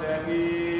Jaggi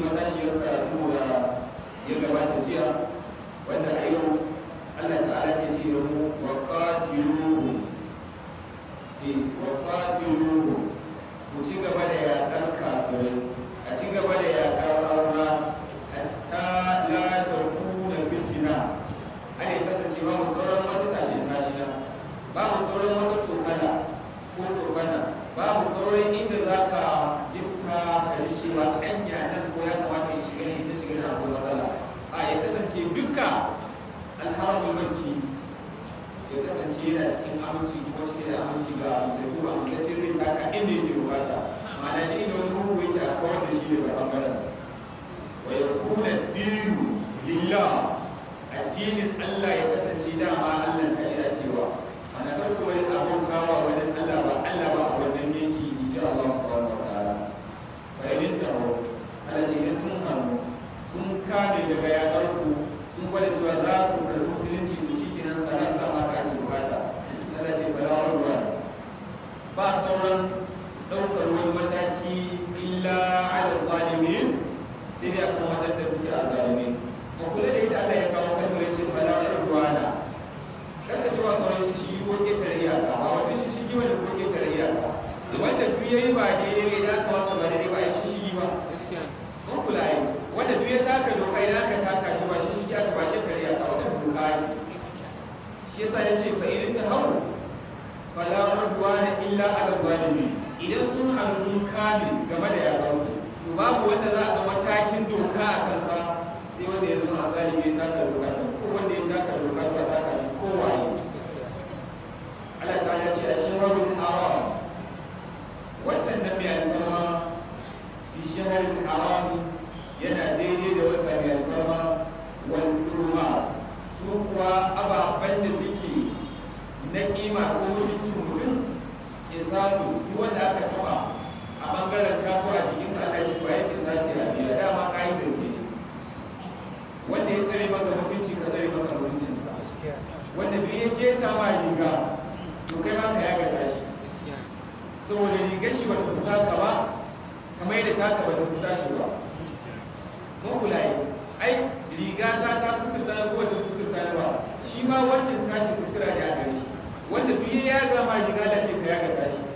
matashiyar karatu da ya gabata jiya wanda a yau Allah ta'ala ke ce da mu waqatiluhu bi eh, ku ci gaba da ya linzami game da yaran to babu wanda za a ga takin doka a kansa sai wanda ya zama zalibi ya taka doka ta ko wanda ya taka doka ta taka shi kowa ne Allah ta'ala ce a rabin haram watan na mai albarma bi shaharul haram yana daidai da wata mai albarma wal hurumat su kuwa ababen da suke na kima ko mutuncin mutum sasu duk wanda aka taba bangaren ka a jikin ka ko ce fa yafi sasi a biya dama ka yi zance ne wanda ya tsare maka mutunci ka tsare masa mutuncinsa wanda bai ya keta ma riga to kai ma ka yaga tashi saboda rigar shi bata fita ka ba kamar yadda taka bata fita shi ba mun kula yi ai riga ta ta suturta na kowace suturta na ba shi ma wancan tashi sutura da ya gare shi wanda duk ya gama ma riga shi ka yaga tashi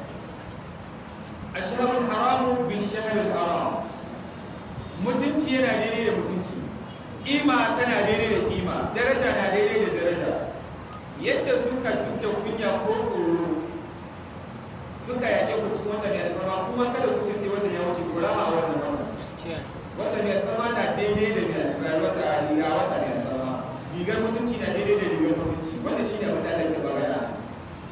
asharul haramu bi shahril haram mutunci yana daidai da mutunci kima tana daidai da kima daraja na daidai da daraja yadda suka da kunya ko tsoro suka yaƙe ku cikin watan alfarma kuma kada ku ce sai watan ya wuce ko rama a wannan watan watan mai alfarma na daidai da mai alfarma wata riga wata mai alfarma rigar mutunci na daidai da rigar mutunci wanda shine abin da Allah ke bayyana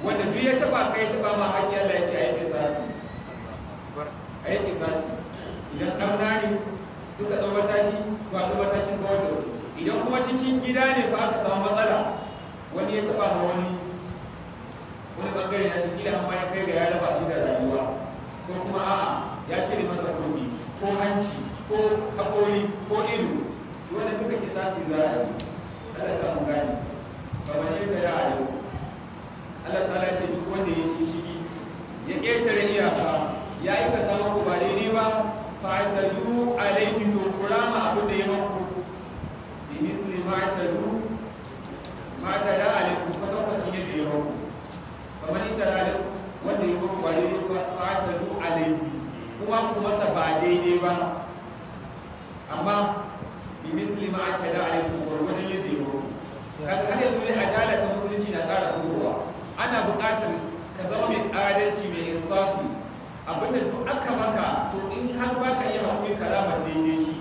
wanda duk ya taba kai ya taba ma haƙƙi Allah ya ce a yi fesa su a yi kisasi idan an rani suka ɗau mataki ko a ɗau matakin kawar da su idan kuma cikin gida ne ba aka samu matsala wani ya taɓa ma wani wani ɓangare na shi kila amma ya kai ga ya raba shi da rayuwa ko kuma a'a ya cire masa kurmi ko hanci ko haƙori ko ido wannan duka kisasi za a yi Allah samu gani kamar yadda da a yau Allah ta'ala ce duk wanda ya shishigi ya ƙetare iyaka ya yi ta zama ku ba daidai ba du, alaihi to ma abin da ya maku limitli ma'atadu ma'atada alaikum kwatankwacin yadda ya maku kamar ita alaikum wanda ya maku ba daidai ba du alaihi kuma ku masa ba daidai ba amma limitli ma'atada alaikum gwargwadon yadda ya maku kaga har yanzu a adala ta musulunci na ƙara fitowa ana buƙatar ka zama mai adalci mai insafi abinda duk aka maka to in har baka yi haƙuri kalamar daidai shi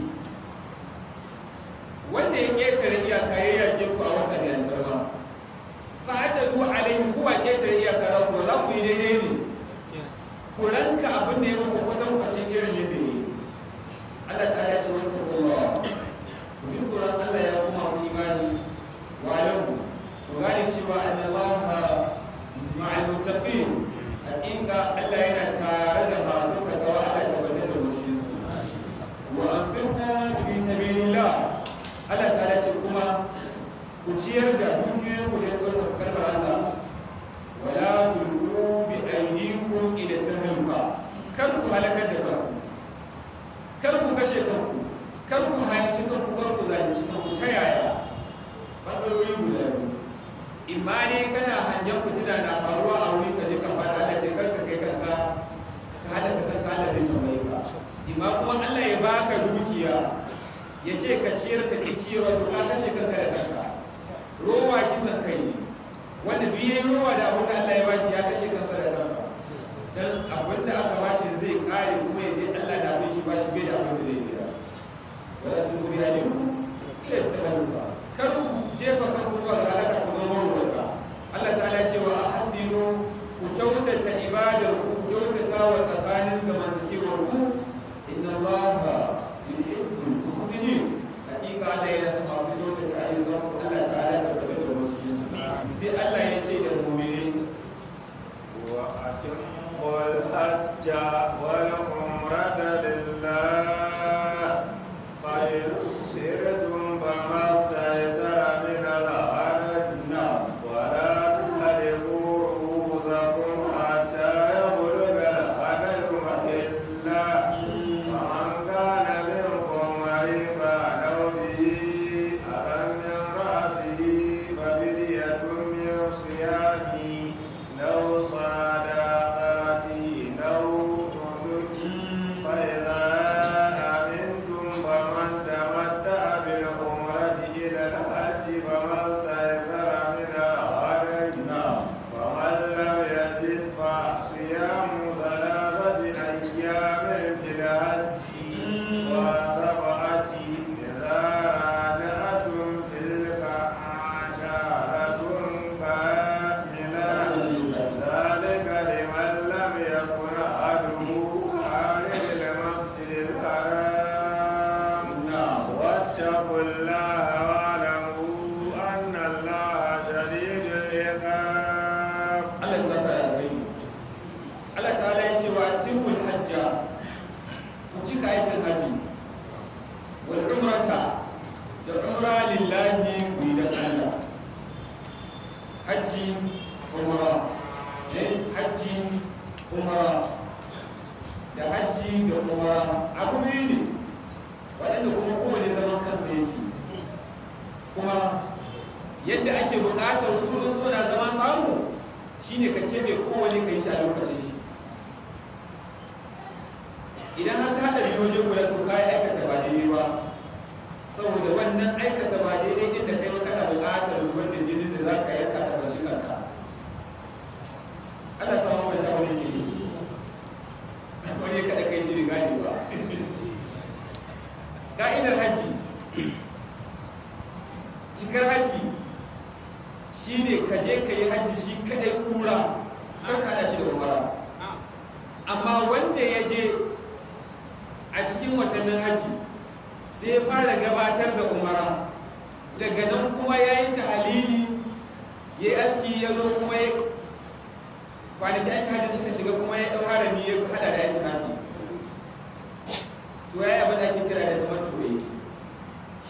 wanda ya ƙetare iyaka ya yake ku a wata da yantarwa ba a ta duwa alaihi ku ba ƙetare iyaka za ku za ku yi daidai ne ku ranka abin da ya maka kwatankwacin irin yadda ya yi Allah ta ya ce wata kowa ku ji Allah ya kuma ku imani wa alamu ku gane cewa annallaha ma'al muttaqin hakika Allah yana tare da masu takawa Allah ta wajen da wuce su wa anfiqu fi sabilillah Allah ta ce kuma ku ciyar da dukiyoyin ku don ɗaukaka kalmar Allah wala tulqu bi aydikum ila tahluka kar ku halakar da kanku kar ku kashe kanku kar ku halicci kanku kar ku zalunci kanku ta yaya ɓangarori guda biyu imma ne kana hangen fitina na faruwa a wuri ka je ka fada na ba kuma Allah ya baka dukiya ya ce ka ciyar ka ki ciyar to ka kashe kanka da kanka rowa kisan kai ne wanda duk yayin rowa da abin Allah ya bashi ya kashe kansa da kansa dan abun da aka bashi zai kare kuma ya je Allah da abin shi bashi bai da abun da zai biya wala ne alaikum ila tahalluka kar ku jefa kanku zuwa ga halaka ku zama rubuta Allah ta'ala ya ce wa ahsinu ku kyautata ibadar ku kyautata wa tsakanin zamantakewar ku inna allaha yuhibbul muhsinin hakika Allah yana son masu kyautata ayyukan su Allah ta'ala tabbatar da mu cikin su sai Allah ya ce da mu'mini wa atimul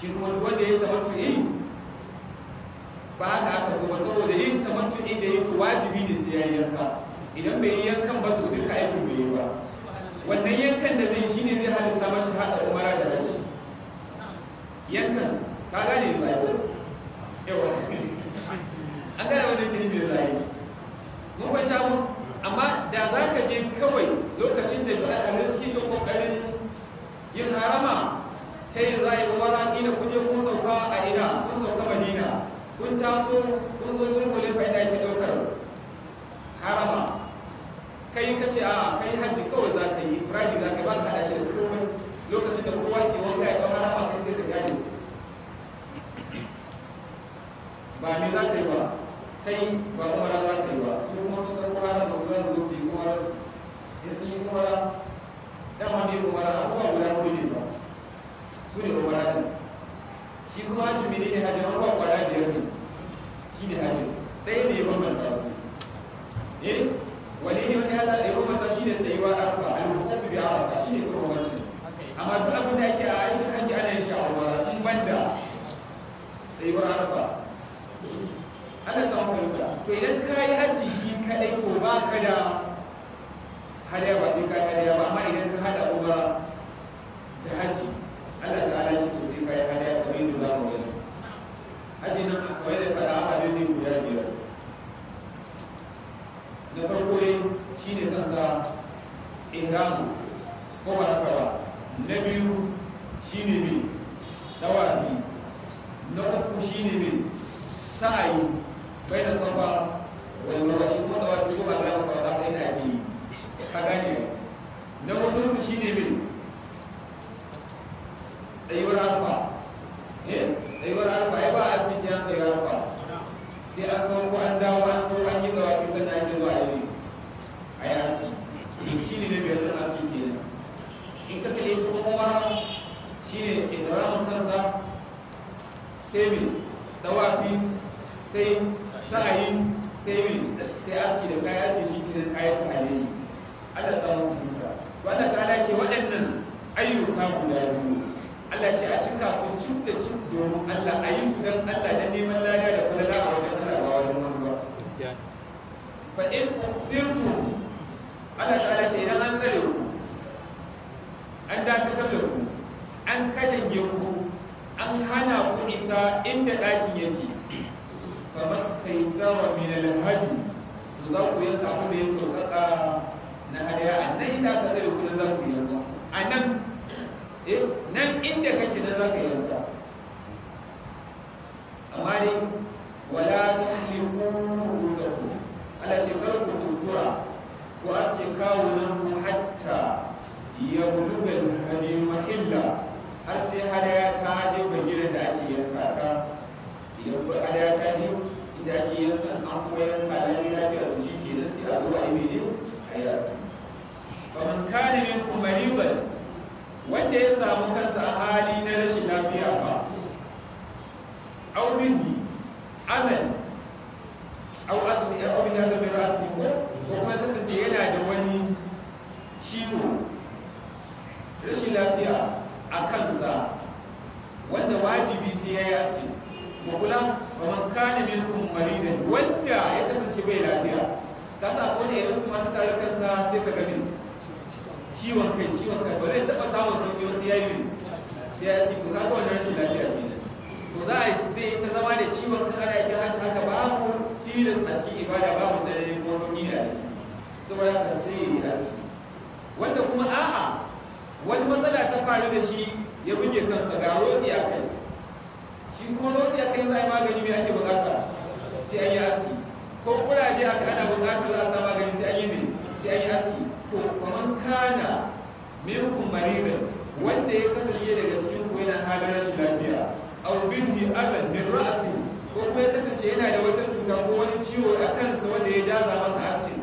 shi kuma wanda ya yi ba haka aka so ba saboda yin tabbatu da ya to wajibi ne sai ya yanka idan bai yi yankan ba to duka aikin bai yi ba wannan yankan da zai shi ne zai halasta mashi hada umara da haji yankan ka gane shi ne zan sa ihramu ko ba haka ba na biyu shi ne mai dawaki na uku shi ne mai sa'ayi bai da safa walmarwa ko da dawaki ko ba da haka ba sai da ake yi ka gane na hudun su shi ne mai tsayuwar alfa eh tsayuwar alfa ya sai mai dawafi sai sa'ayi sai mai sai aski da kayan aski shi kenan kayan ta ne Allah samu fahimta wannan ta ala ce waɗannan ayyuka guda biyu Allah ce a cika su cin da cin domin Allah a yi su don Allah da neman lada da kula a wajen Allah ba wajen wani ba fa in kusirtu Allah ta ala ce idan an tsare ku an dakatar da ku an katange ku an hana ku isa inda ɗakin yake fa mastaisara min alhaji to za ku yanka abin da ya sauƙaƙa na hadaya a nan inda aka tsare ku za ku yanka a nan eh nan inda kake nan za ka yanka amma ne wala tahliku rusakum ala ce kar ku tukura ku aske kawo nan hatta ya buluga hadi mahimman. har sai hadaya ta je ga gidan da ake yanka ta idan kuma hadaya ta je inda ake yanka an kuma yanka da ni lafiya da shi kenan sai a zo a yi mene a yi aski kamar kana minkum mariban wanda ya samu kansa a hali na rashin lafiya ba au bihi amal ciwon kai ciwon kai ba zai taɓa samun sauƙi wasu yayi yi sai ya yi to kaga wannan rashin lafiya ce ne to za a zai ita zama da ciwon kan ana yake haka haka mu tilas a cikin ibada babu tsanani kuma sauƙi ne a ciki saboda ka sai ya yi aski wanda kuma a'a wani matsala ta faru da shi ya buge kansa ga rotsi a kai shi kuma rotsi a kai za a yi magani mai ake bukata sai an yi aski ko kuraje aka ana bukatar za a sa magani sai an yi mai sai an yi aski to kwaman kana minkun maridan wanda ya kasance daga cikin ku yana halin shi lafiya aw bihi adan min ra'si ko kuma ya kasance yana da wata cuta ko wani ciwo a kansa wanda ya jaza masa askin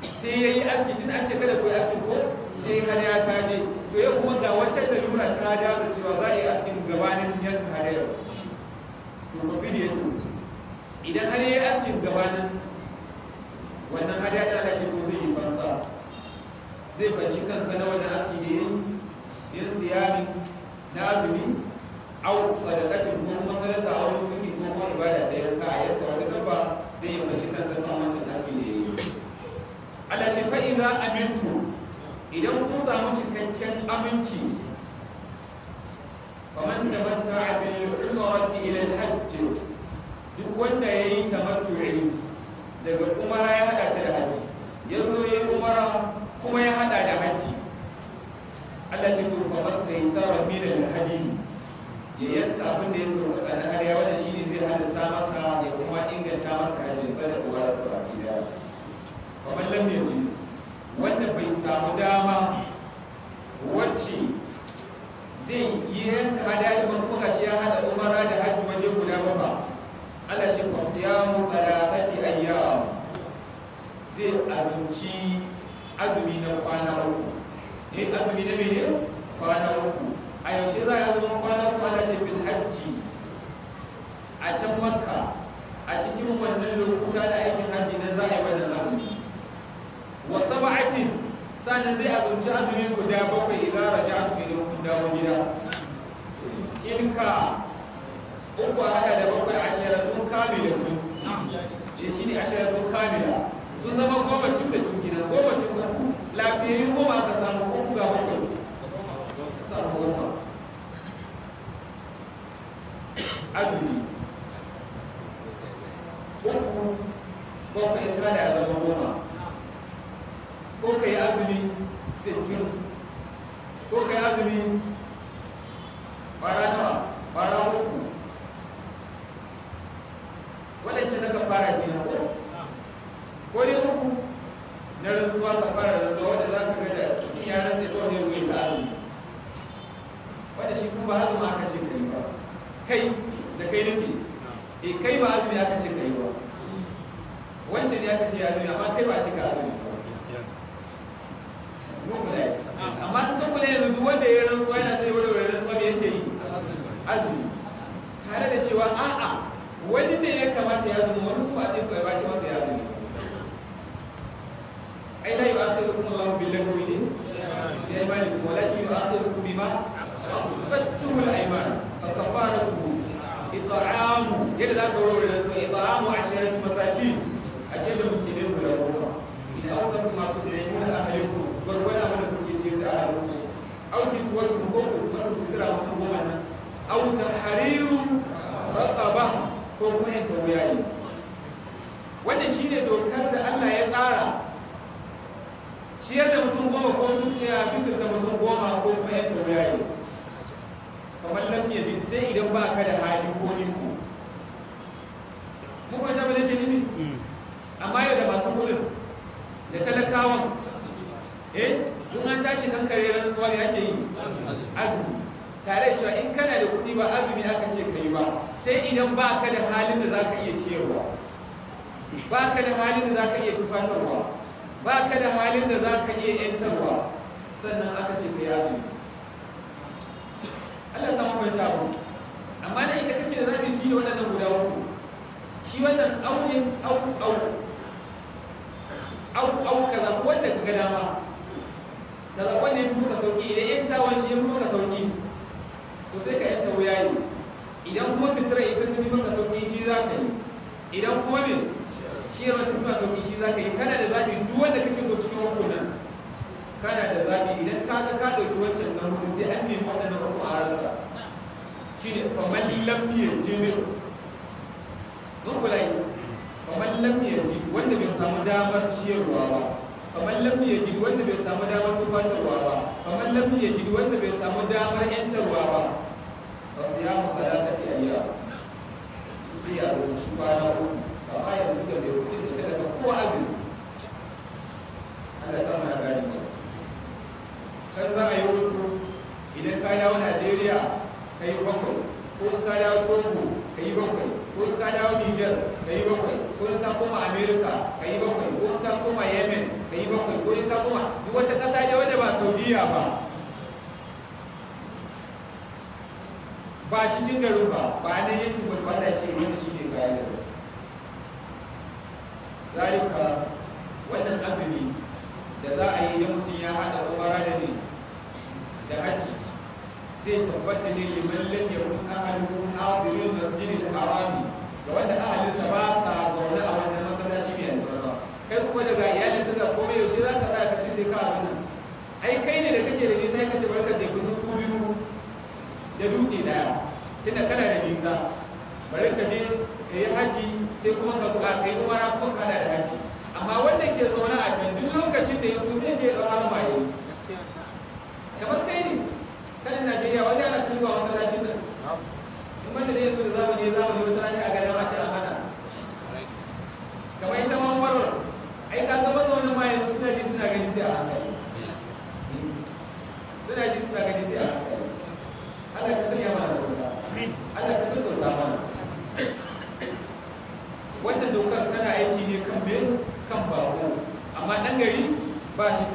sai ya yi aski tun an ce kada ku yi askin ko sai hada ya taje to ya kuma ga wata lalura ta jaza cewa za a yi askin gabanin yanka hadayar to ya idan har ya yi askin gabanin wannan hada ya ce to zai yi fansa zai fashi kansa na wani asiri yin siyamin na azumi au sadakatin ko kuma sadaka a wani suki ko kuma ibada ta yanka a yanka wata dabba zai yi fashi kansa kan wancan asiri ya yi Allah ce fa ina amintu idan kun samu cikakken aminci faman tamatta bil umrati ila al-hajj duk wanda ya yayi tamattu'i daga umara ya hada ta da haji Ya yayi umara kuma ya hada da hajji Allah ce to ba masta yi tsara mina da hajji ya yanka abin da ya sauƙaƙa na har wanda shi ne zai halasta masa ya kuma inganta masa hajji sadaka wa rasu baki daya kamar lamiyar jini wanda bai samu dama wacce zai yi yanka hadari ba kuma gashi ya hada umara da hajji waje guda ba ba Allah ce ku siyamu salatati ayyam zai azumci azumi na kwana uku ne eh, azumi na mene kwana uku a yaushe za a yi azumin kwana uku ana ce fil hajji a can makka a cikin wannan lokuta da aikin hajji na za a yi wannan azumi wa sab'atin sannan zai azumci azumi guda bakwai idan raja'atu ila kun dawo gida tilka uku a hada da bakwai ashiratun kamilatun eh shine ashiratun kamila sun zama goma cin da cin gina goma cin da lafiyayyun goma aka samu uku ga bakwai ka samu goma azumi uku bakwai ka da zama goma ko ka yi azumi sittin ko ka yi azumi ne yantarwa sannan aka ce ka yi azumi Allah samu kwanci abu amma na inda kake da zaɓi shi ne waɗannan guda uku shi wannan aunin au au au au ka zaɓi wanda ka ga dama ka zaɓi wanda ya fi muka sauƙi idan yantawan shi ya fi muka sauƙi to sai ka yanta wuya yi idan kuma sutura ita ta fi maka sauƙi shi za ka yi idan kuma me shi yana tafiya sauƙi shi za ka yi kana da zaɓi duk wanda kake so cikin hukunan kana da zaɓi idan ka ga ka ɗauki wancan na hudu sai an nemi waɗannan uku a rasa shi ne kamar lamiyar jini don kula yi kamar lamiyar jini wanda bai samu damar ciyarwa ba kamar lamiyar jini wanda bai samu damar tubatarwa ba kamar lamiyar jini wanda bai samu damar yantarwa ba ba su yamu salatati ayya sai ya rubuci kwana uku amma yanzu da bai kudin da ta daga kowa azumi Allah ya samu na gani can za a yi hudu idan ka dawo najeriya ka yi bakwai ko in ka dawo togo ka yi bakwai ko in ka dawo niger ka yi bakwai ko in ka koma america ka yi bakwai ko in ka koma yemen ka yi bakwai ko in ka koma duk wata ƙasa ne wanda ba saudiya ba ba cikin garin ba ba nan yankin ba wanda ce ne shi ne kayan garin zalika wannan azumi da za a yi da mutum ya haɗa umara da ne da haji zai tabbata ne liman lam yakun ahluhu hadiril masjidil harami ga wanda ahalinsa ba sa zaune a wannan masallaci mai albarka kai kuma daga iyalin ka komai yaushe za ka tsaya ka ce sai ka abin nan ai kai ne da kake da nisa ka ce barka je kun ku biyu da dutse daya tunda kana da nisa bari ka je ka yi haji sai kuma ka buƙa ka yi umara kuma kana da haji amma wanda ke zaune a can duk lokacin da ya so zai je ɗan wani maye kamar kai ne kada najeriya wajen ana kashewa masallacin nan in banda da yanzu da zamani ya zamani wata rana a gare a базе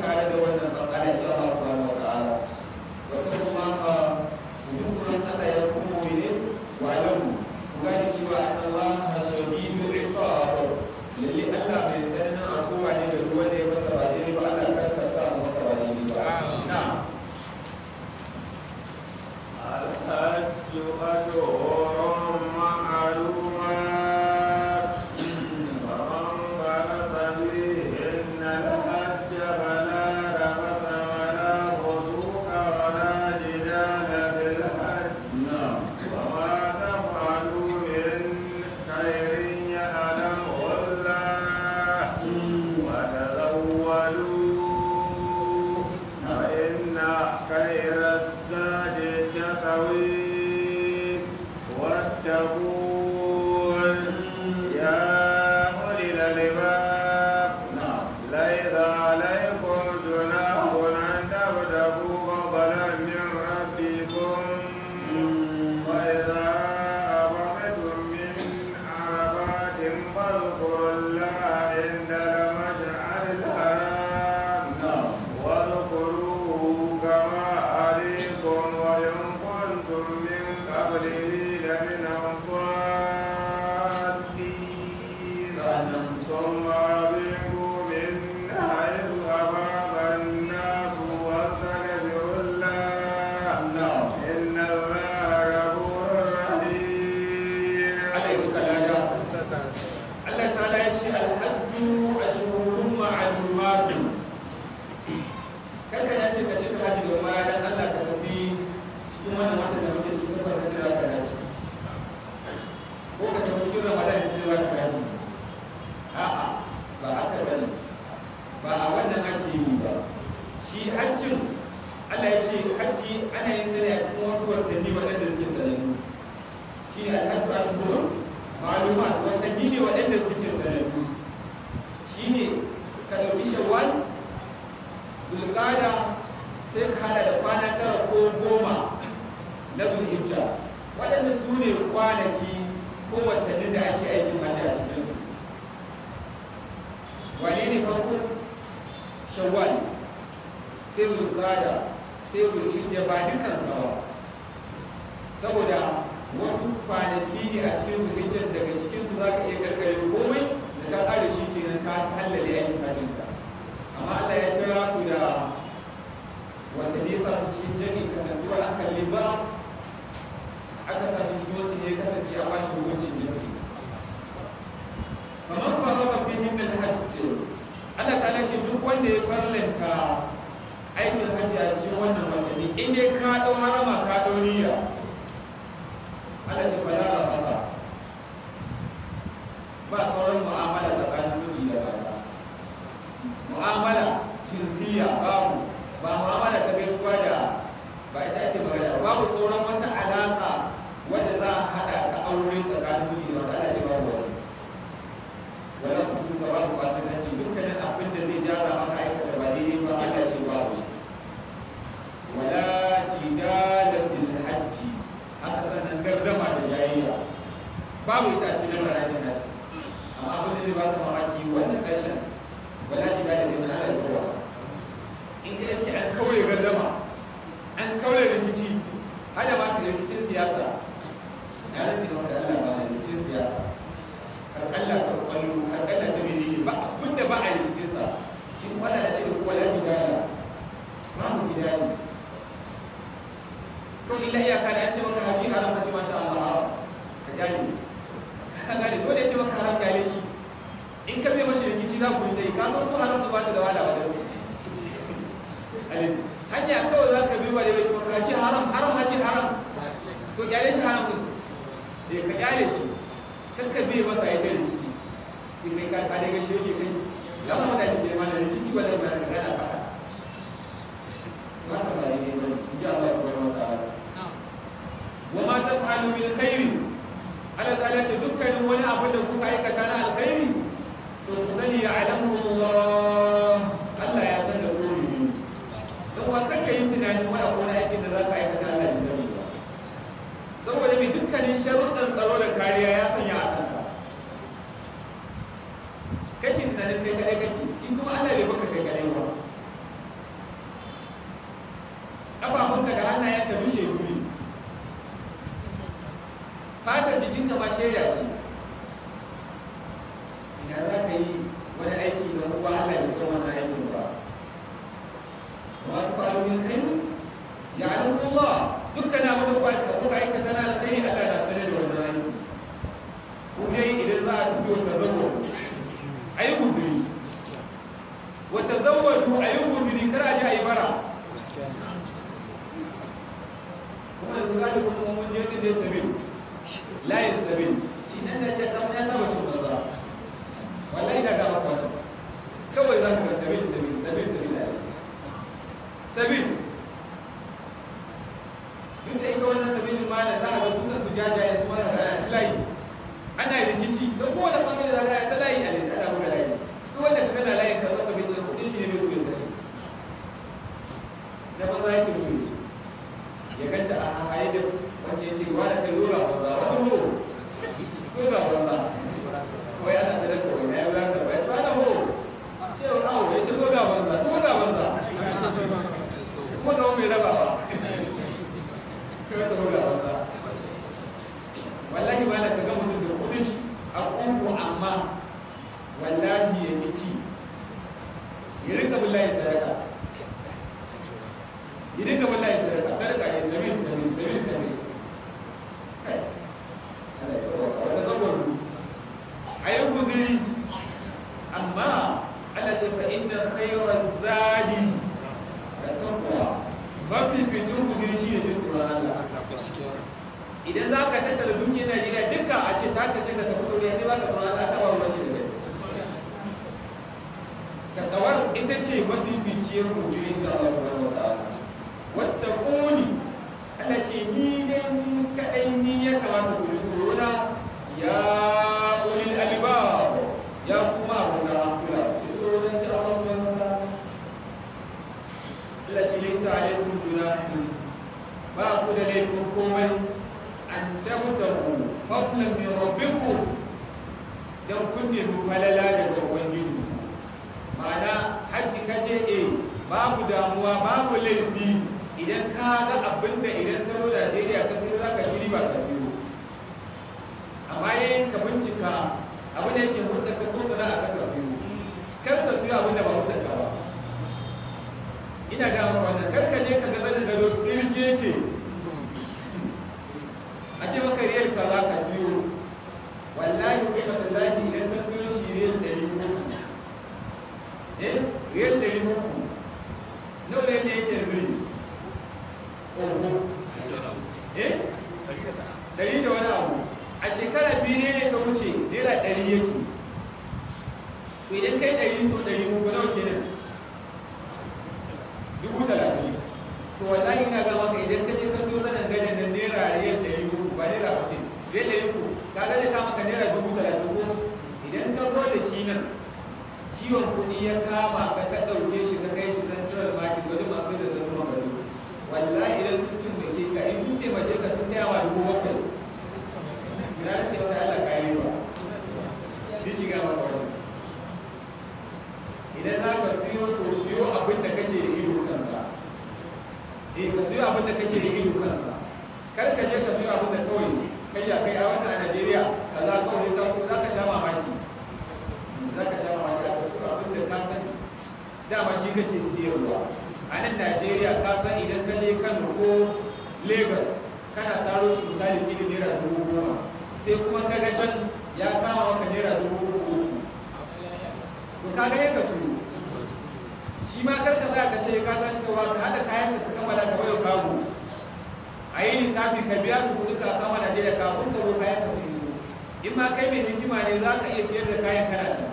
saboda wasu kwanaki ne a cikin fahimtar daga cikinsu za ka iya karkare komai da ka kare shi kenan ka hallale aikin hajjinka amma allah ya kira su da wata nesa su cikin jami'in kasantuwar an kalli ba aka sa shi cikin wacce ne ya kasance a bashi hukuncin jami'i kamar ka fi himmil hajji allah ta ce duk wanda ya farlanta aikin hajji a cikin wannan watanni in dai ka ɗau harama ka ɗau niyya hanya kawai za ka bi ba da bai ci maka haji haram haram haji haram to kyale shi haram din eh ka kyale shi kan ka bi masa ya ta rikici sai kai ka kare ga shege kai ya kuma da kike ma da rikici ba da ba da kana fa haka ba ne ba ji Allah subhanahu wa ta'ala wa ma ta taf'alu min khairin Allah ta'ala ce dukkanin wani abin da kuka aikata na alkhairi to ku sani ya alamu Allah ita ma shaida ce idan za ka yi wani aiki don uwa Allah bai san wannan aikin ba wa ta kai ne? khairin ya'lamu Allah dukkan abin da kuka kuka aikata na alkhairi Allah na sanar da wannan aiki ko dai idan za a tafi wata zango yi guzuri wata zawadu yi guzuri kar a je ayi bara kuma yanzu galibin mun je din da sabil la yalzamin shi dan Najeriya ta san ya abin da yake hudda ka ko sana'a ka ka siyo kar ka siyo abin da ba hudda ba ina ga wannan kar ka je ka ga zanin gado yake kai mai hikima ne za ka iya siyar da kayan kana can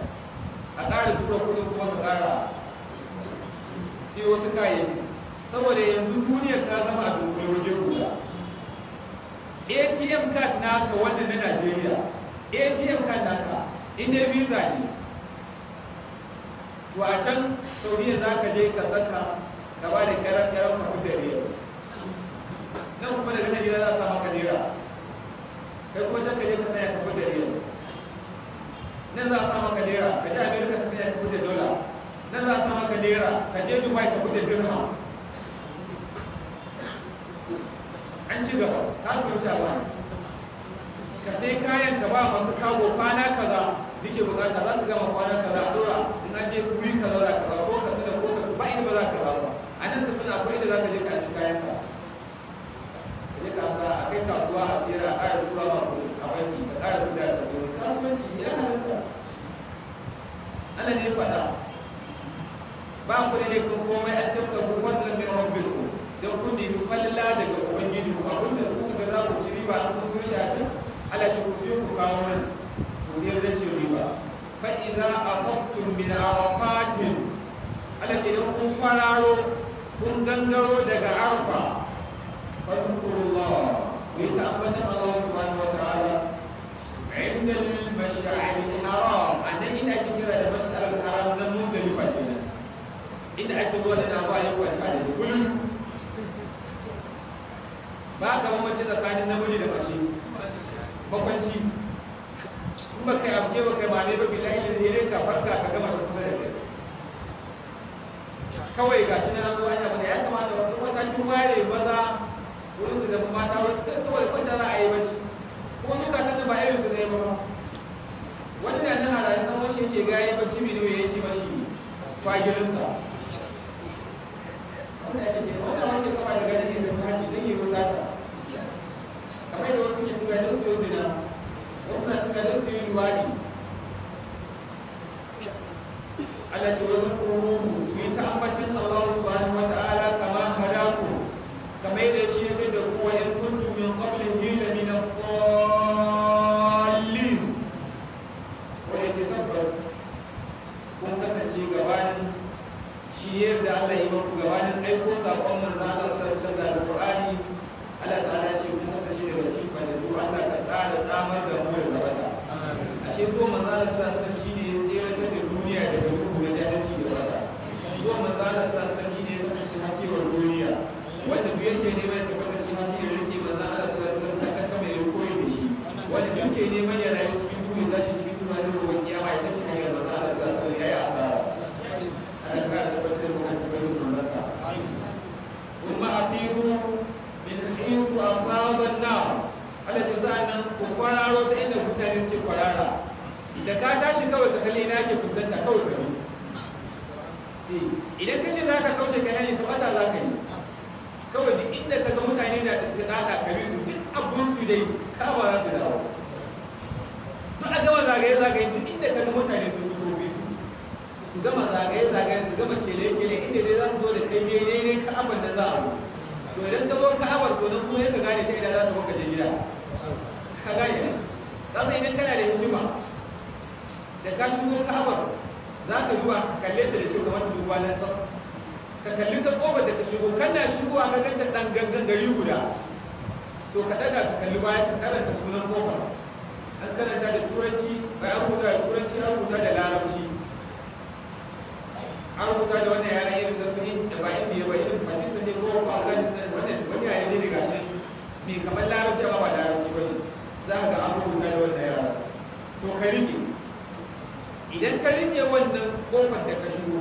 a ƙara tura kuɗin kuma ka ƙara siyo wasu kayayyaki saboda yanzu duniyar ta zama a dunkule waje guda atm card na ka wannan na najeriya atm card ka inda visa ne to a can sauriya za ka je ka saka ka ba da ƙarar ƙarar kafin da riyar nan kuma daga najeriya za a sa maka naira kai kuma can ka je ka saya ka kudda riyal nan za a sa maka naira ka je america ka saya ka kudda dola nan za a sa maka naira ka je dubai ka kudda dirham an ci gaba ka kunta ba ka sai kayan ka ba masu kago kwana kaza nake bukata za su gama kwana kaza a dora in an je wuri kaza za ka ba ko ka tuna ko ka ba inda ba za ka ba a nan ka tuna akwai inda za ka je ka kasa a kai kasuwa a siyar a ƙara tura ma a banki ka ƙara buga da sauran kasuwanci ya halasta Allah ne ya faɗa ba ku da kun komai an tafka ku wannan ku. rabbiku don kun nemi falla daga ubangiji ku abin da kuka ga za ku ci riba an kun so shi a Allah ce ku fiye ku kawo nan ku siyar da ci riba fa idza aqamtum min arafatin Allah ce idan kun kwararo kun gangaro daga arfa fadkurullah ku yi ta'abbatan Allah subhanahu wa ta'ala inda al-mash'ar al-haram anan inda ake kira da mash'ar al-haram nan muzdalifa kenan inda ake zuwa da nafa ba ka tsakanin namiji da mace makwanci kai abje ba kai mane ba billahi da zai ka farka ka gama shi kusa da kai kawai gashi na an zuwa ya kamata wata matakin ware maza wurin su da mata wurin saboda kwanta za a yi bacci kuma zukatan da ba irin su ɗaya ba wani na nan a ranar ɗan ga yake gaya bacci mai nauyi yake mashi kwagirinsa idan ka ce za ka kauce ka hanyar ka bata za ka yi kawai duk inda ka ga mutane na tunada ka su duk su dai ka ba za su dawo ba a gama zagaye zagaye duk inda ka ga mutane sun fito bi su su gama zagaye zagaye su gama kele kele inda dai za su zo da kai daidai ne ka abin da za a zo to idan ka zo ka abar to na kuma ka gane ta ina za ka baka je gida ka gane ka san idan kana da hijima da ka shigo ka abar za ka duba kalle ta da kyau kamar ta duba na tsar ka kalli ta kofar da ka shigo kana shigo a kakan ta dan gangan gari guda to ka daga ka kalli baya ka karanta sunan kofar an karanta da turanci bai an rubuta da turanci an rubuta da larabci an rubuta da wannan yaran irin da su da ba indiya ba irin pakistan ne ko afghanistan wannan wani yare ne daga shi ne kamar larabci amma ba larabci ba za ka ga an rubuta da wannan yaran to ka rike idan ka rike wannan kofar da ka shigo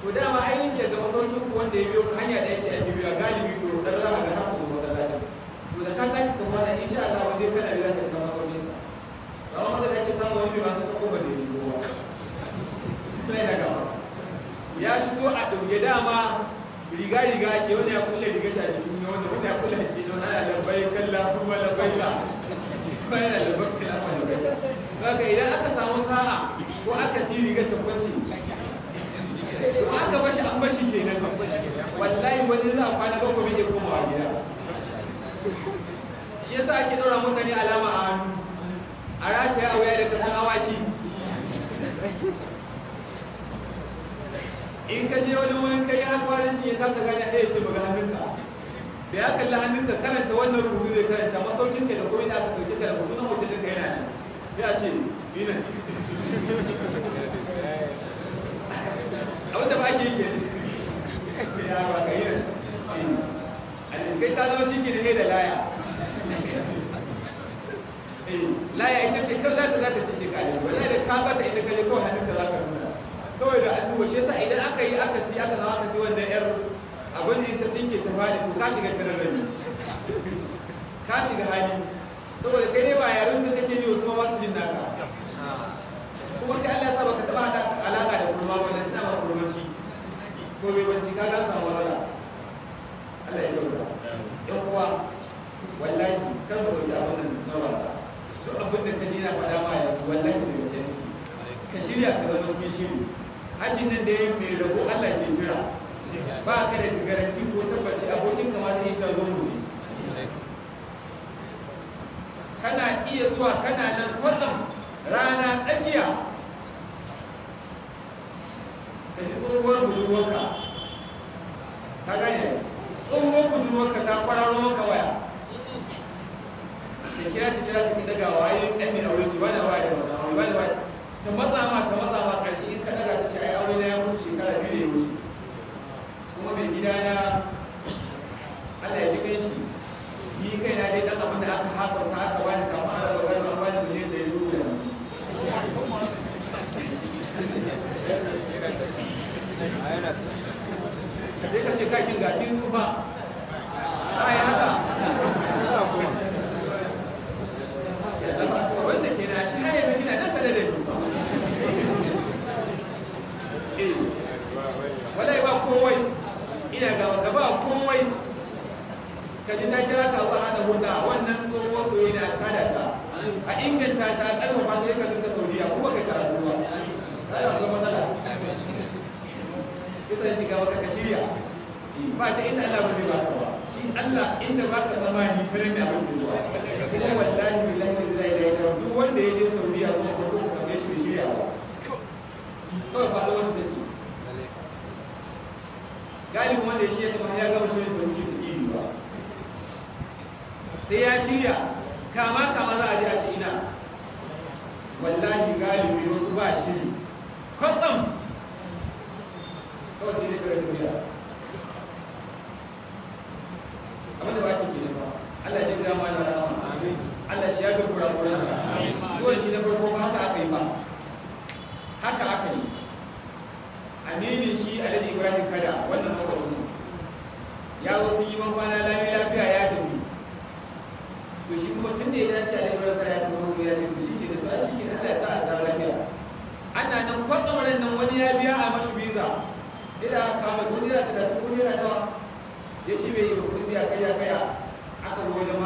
to dama ainihin daga masaukin ku wanda ya biyo ka hanya da yake ake biya galibi ko dan za ga har ku masallacin to da ka tashi kuma wannan insha Allah zai kana da zaka samu masaukin ka amma da kake samu wani mai masu ta kofar da ya shigo ba sai na gaba ya shigo a dauke dama riga riga ke wani ya kulle riga shi a jikin ne wanda wani ya kulle a jikin shi wani ana labbai kalla kuma labbai ka bayan labbai kalla kuma labbai kaga idan aka samu sa'a ko aka siri rigar tabbaci kwance to aka bashi an bashi kenan wallahi wani za a kwana ku bai iya komawa gida shi yasa ake ɗaura mutane alama a hannu a rataya a wuya da kasan awaki in ka je wani wurin kai ya kwaranci ya kasa gane a ce maga hannunka da ya kalli hannunka karanta wannan rubutu zai karanta masaukinka da kuma ina ka sauke ka da hotunan hotunan ka yana ne ya ce ginin abin da ba ke yi ke ya ba ka yi eh, kai ta zama shi ke da da laya eh, laya ita ce kar za ta za ta ce ce da ka bata inda ka je kawai hannun ka za ka nuna kawai da an duba shi yasa idan aka yi aka si aka zama aka ce wannan yar abin da ta tsinke ta fadi to ka shiga tararren ne ka shiga hali saboda kai ne ba yaren su kake ji wasu ma ba su jin naka kuma kai Allah ya sa baka taba hada alaka da kurma ba tana ma kurmanci ko bai banci ka ga samu wala Allah ya kyauta yan uwa wallahi kan ka dauki abin nan na wasa su abin da ka ji na faɗa ma yanzu wallahi da gaske nake ka shirya ka zama cikin shiri hajjin nan da ya mai rago Allah ke jira ba ka da garanti ko tabbaci abokin ka ya yi iya cewa zo mu kana iya zuwa kana nan kwatsam rana tsakiya ka ji tsohuwar budurwarka ka gane tsohuwar budurwarka ta kwararo maka waya ta kira ta kira ta ki daga waye ɗan mai aure ce ba na waya da mace aure ba na ta matsa ma ta matsa ma ƙarshe in ka daga ta ce a yi aure na ya mutu shekara biyu da ya wuce kuma mai gida na Allah ya ji kai shi ni kai na dai dan abin da aka hasarta aka bani kafin ana da wani an bani miliyan ɗari uku da hamsin sai ka ce kakin ga kin ba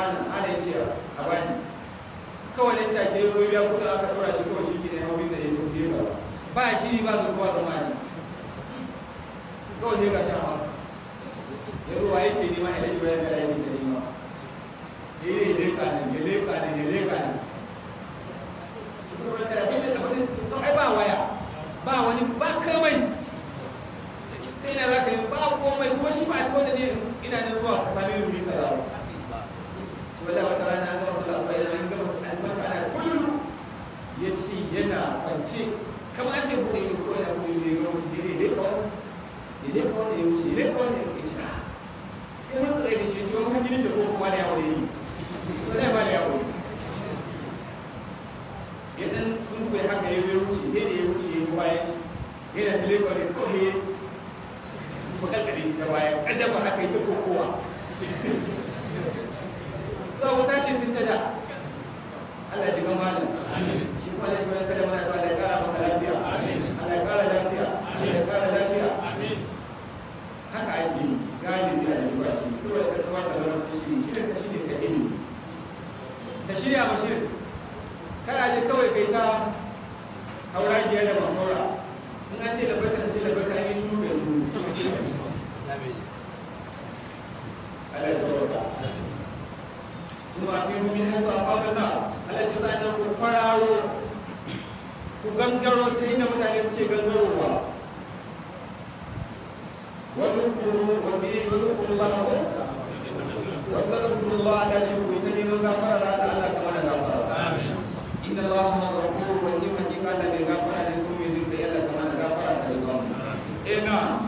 malam ana yace a bani kawai nan take yoyo biya kudi aka tura shi kawai shi ne hauri zai yi tafiye ga ba shi ba zato ba zamani kawai zai ga can ba ya ruwa yake nema ya lajibar yadda rayu ta nema ya yi leka nan ya leka nan ya leka nan shi kuma bar kara bai da kudin tusan ai ba waya ba wani ba kamai ta yana za ka yi ba komai kuma shi ba ta wanda ne ina nan zuwa ka sami rumi ka zaɓa wala wata rana an gama sallah asuba an gama alfanta ana kullu ya ce yana kwance kamar ce bude ne ko yana bude ido ga mutum ya dai kawai ya dai kawai ya wuce ya dai kawai ya ce ah in mun tsaye da shi ya ce wani hajji ne ko kuma da yawo wani ba da yawo ya dan sun kuwa haka ya wuce ya da ya wuce ya ji bayan shi yana ta leƙa ne kawai ya makalta da shi ta baya kada ba haka yi ta kokowa zuwa wuta ce tun ta da Allah ya ji gan malam shi kuma ne gudan kada mana Allah ya kara masa lafiya Allah ya kara lafiya Allah ya kara lafiya haka ake galibi a jiwa shi saboda ka kuma ta zama cikin shiri shirin ka shine ka ilimi ta shirya ma shirin kada je kawai kai ta haura giya da makaura in an ce labbaka ka ce labbaka an yi shuru ka shuru Allah ya tsawata kuma a firu min haifu a faɗin na Allah ce ku kwararo ku gangaro ta inda mutane suke gangarowa wani kuru wani wani kuru ba ko wasu da kuru ba a tashi ku ta neman gafara da Allah kamar da gafara inda Allah na zarko wani hakika da ne gafara ne kuma mai jirka yalla kamar da gafara ta riga mu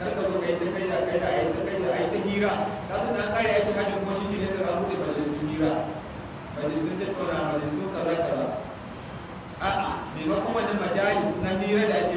kar ka zo ka yi ta kai da kai da ta kai da ai ta hira ka san na kare ai ta kaje kuma shi ne da rabu da majalisun hira majalisun tattauna majalisun kaza kaza a'a maimakon wannan majalis na hira da ake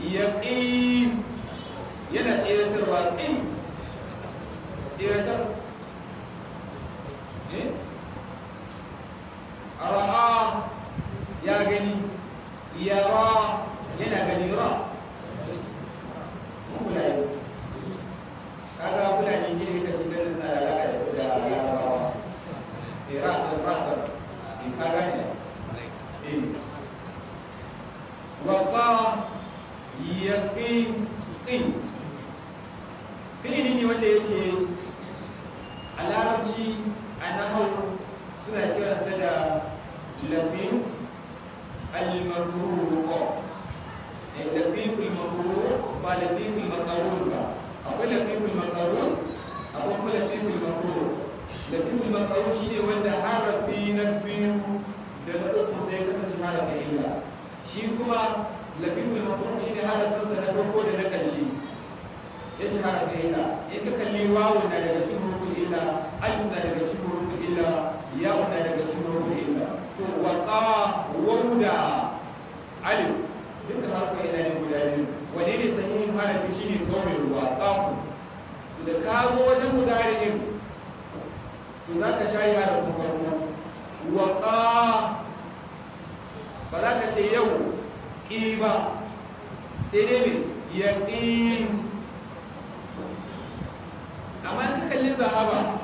yaqin yana tseratarwa ƙin tseratar al-marruq eh latiqul marruq ba latiqul maqarun ba akwai latiqul maqarun akwai kuma latiqul marruq latiqul maqarun shine wanda harafi na biyu da na uku sai kasance harafin illa shi kuma latiqul maqarun shine harafin sa na farko da na ƙarshe yake harafin illa in kalli wawu na daga cikin hurufin illa alif na daga illa illa to waqa wauda alif duka harkar ina ne guda biyu wane ne sahihin harafi shine kawai ruwa kafu to da ka zo wajen mudari'in to za ka share harafin farko waqa ba za ka ce yau ƙi ba sai dai mai yaƙi amma in ka kalli zahaba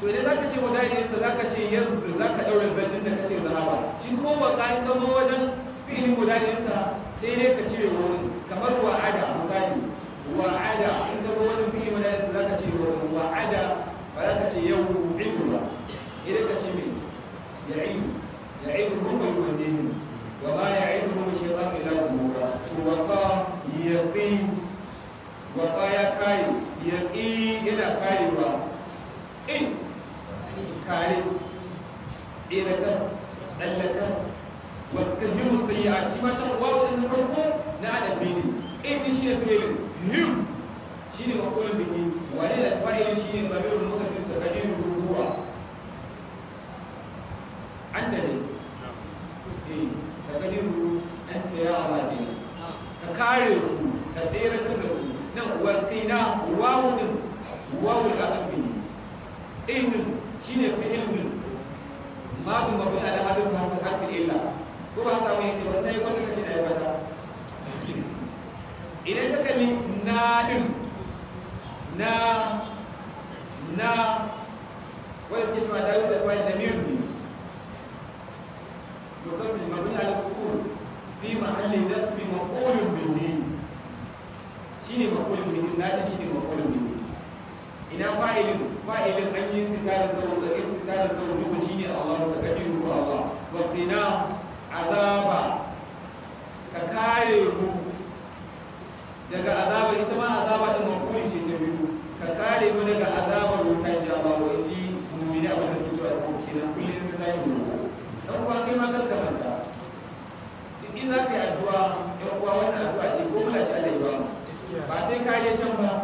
to idan zaka ce wada'ilinsa zaka ce yadda zaka daura zannin da kace zahaba shi kuma waka in ka zo wajen fi'ilin wada'ilinsa sai ne ka cire wani kamar wa'ada misali wa'ada in ka zo wajen fi'ilin za ka ce wani wa'ada ba za ka ce yau ibu ba idan ka ce mai ya'idu ya'idu ruwa yuwandihim wa ma ya'iduhum shaytan illa ghurura to waqa yaqin waqa ya kare yaqin yana karewa in kare tseratar tsallakar wata himu tsaye a ci macen wawo ɗin farko na adafi ne ƙaiti shi ne filin him shi ne makolin biki wani da fa'ilin shi ne zamirin musafir ta kadirin rubuwa an ta ne eh ta kadirin an ta yawa ke ne ka kare su ka tseratar da su nan wa kaina wawo ɗin wawo da adafi ne ɗinin shine ka ilmin ma tun mafi ala hadin harfin illa ko ba ta mai yake ba na yi kwata kace da yi kwata idan ka kalli na din na na wanda suke cewa dalil da kwai damir ne yukasil mabni ala sukun fi mahalli nasbi maqulun bihi shine maqulun bihi na din shine maqulun bihi ina fa'ilin fa'ilin an yi istitarin zawuka istitarin zawuka shine Allah ta kadiru Allah wa qina azaba ka kare mu daga azaba ita ma azaba ta makuli ce ta biyu ka kare mu daga azabar wuta jaba wa inji mu'mini abin da suke cewa da kuma kenan kullum sun tashi mu dan kuwa kai ma kar ka duk in za ka yi addu'a yan uwa wannan addu'a ce ko mula Allah ya ba ba sai ka je can ba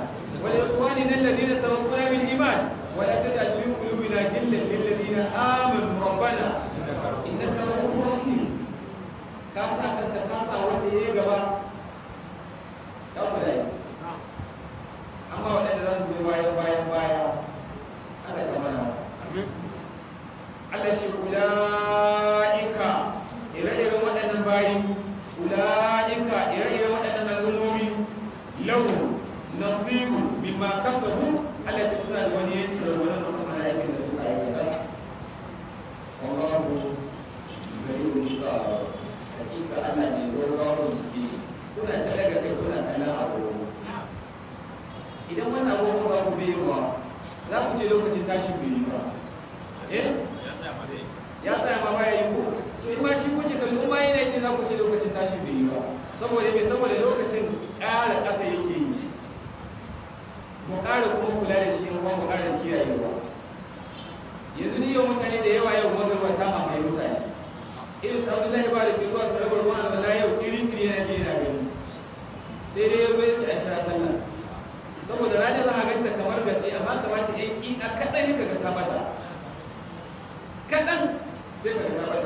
ولإخواننا الذين سبقونا بالإيمان ولا تجعل في قلوبنا غلا للذين آمنوا ربنا إنك رؤوف رحيم كاسا كنت كاسا وانت إيه جبا كابو لايك أما وانت لازم باي باي باي أنا كمان الله يقول mu ƙara kuma kula da shi kuma mu ƙara kiyayewa yanzu ni yau mutane da yawa yau magarbata a mai mutane irin sa zai ba da kirkuwa su rabar ruwan na yau kiri kiri yana ce yana gani sai dai zo yanzu tsaya kira sallah saboda ranar za a ganta kamar gatsi amma kamata ɗan a kaɗan yi ka ta bata kaɗan sai ka ta bata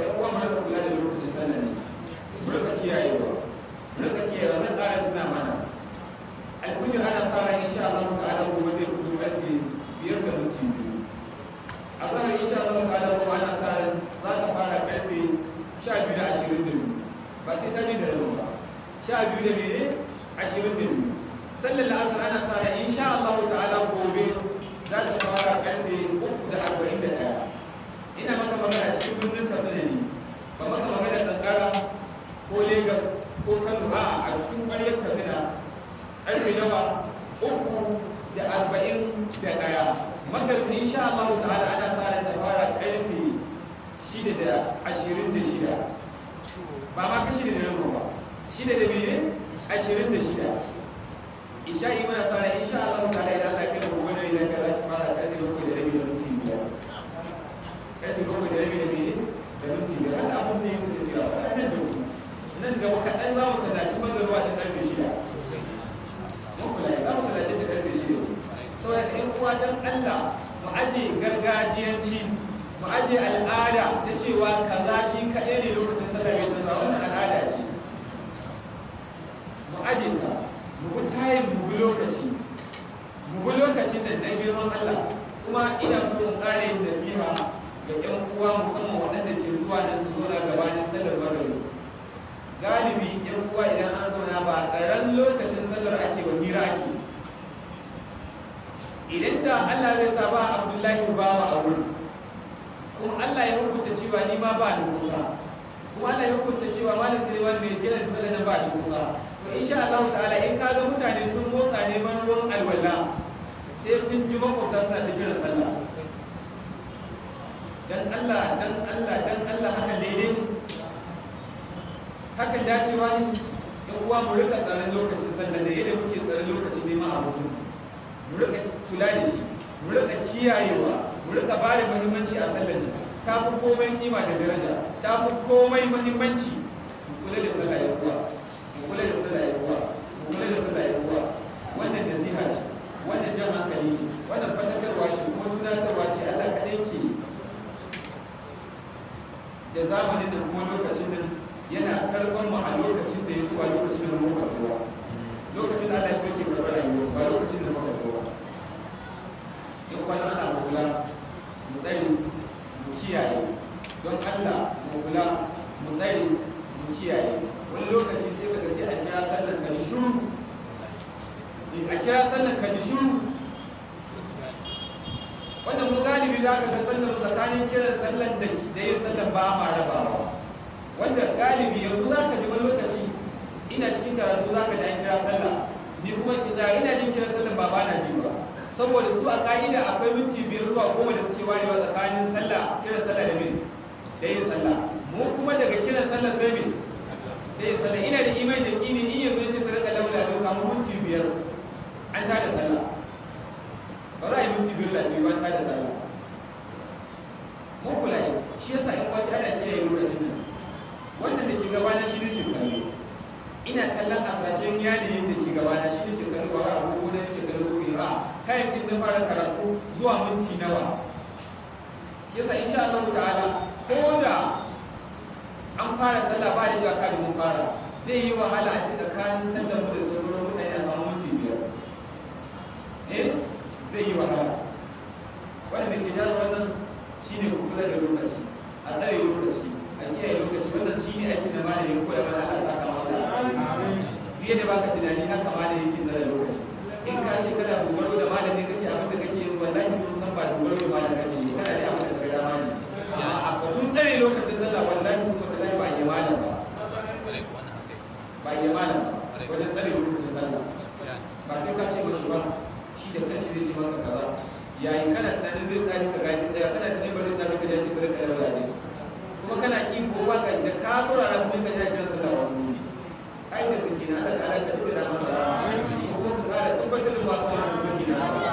aje ta mu bi tayin mu bi lokaci mu bi lokacin da dan girman Allah kuma ina so mu kare da nasiha ga 'yan uwa musamman waɗanda ke zuwa nan su zauna gabanin sallar magaribi galibi 'yan uwa idan an zauna ba tsaron lokacin sallar ake ba hira ake idan da Allah zai sa ba Abdullahi bawa a wurin kuma Allah ya hukunta cewa ni ma ba da kusa kuma Allah ya hukunta cewa malam Suleiman bai gina da sallar ba shi kusa to insha Allah ta'ala in ga mutane sun motsa neman ruwan alwala sai sun ji makwabta suna ta jiran sallah dan Allah dan Allah dan Allah haka daidai ne hakan dacewa ne yan uwa mu rika tsaron lokacin sallah da yadda muke tsaron lokacin neman abu mu rika kula da shi mu rika kiyayewa mu rika ba da muhimmanci a sallar sa ta fi komai kima da daraja ta fi komai muhimmanci mu kula da sallah ya kuwa kula da sallah ya uwa kula da sallah ya uwa wannan nasiha ce wannan jan hankali ne wannan fadakarwa ce kuma tunatarwa ce Allah ka ke da zamanin da kuma lokacin nan yana karɓar mu a lokacin da ya so a lokacin da muka zuwa lokacin da Allah ya so ke karɓar rayuwa ba lokacin da muka zuwa in kwana ana kula mu tsari mu kiyaye don Allah mu kula mu tsari mu kiyaye wani lokaci sai ka sai a kira sallar ka ji shuru eh, a kira sallar ka ji shuru wanda mu galibi za ka ga sallar tsakanin kiran sallar da yin sallar ba ma ba? wanda galibi yanzu za ka ji wani lokaci ina cikin karatu za ka ji an kira sallar? ni kuma ina jin kiran sallar ba ba na ji ba saboda su a ka'ida akwai minti biyar zuwa goma da suke warewa tsakanin sallah kiran sallah da min da yin sallah mu kuma daga kiran sallah sai min sai ya sallah ina da imai da kini in yanzu ya ce sadaka laula da kamu minti biyar an ta da sallah ba za a yi minti biyar lafiya ba ta da sallah mun kula yi shi yasa in wasu ana kiyaye lokacin nan wannan da ke gaba na shi nake ke kallo ina kallon hasashen yanayin da ke gaba na shi nake ke kallo ba wai agogo na nake kallo ko ba kayan din na fara karatu zuwa minti nawa shi yasa insha Allah ta'ala ko da an fara sallah ba da jaka da mun fara zai yi wahala a cikin tsakanin sallar mu da sauran mutane a samu minti biyar eh zai yi wahala wanda mai jaza wannan shine kula da lokaci a tsare lokaci a kiyaye lokaci wannan shine aikin da ya koya mana Allah saka masa da amin fiye da baka tunani haka malamin yake tsare lokaci in ka ce kana dogaro da malami kake abin da kake yin wallahi mun san ba dogaro da malami kake yi kana da abin da kaga dama ne a batun tsare lokacin sallah wannan ba ya malam wajen tsare lokacin sallah ba sai ka ce mashi ba shi da kanshi zai ce maka kaza yayi kana tunanin zai tsari ka gani kana tunanin ba zai tsari ka dace sai ka dawo kuma kana ki ko ba ka da ka saurara kuma ka ji kiran sallah ne ai da sake na Allah ta'ala da masa ko ka kara tabbatar da wasu da kake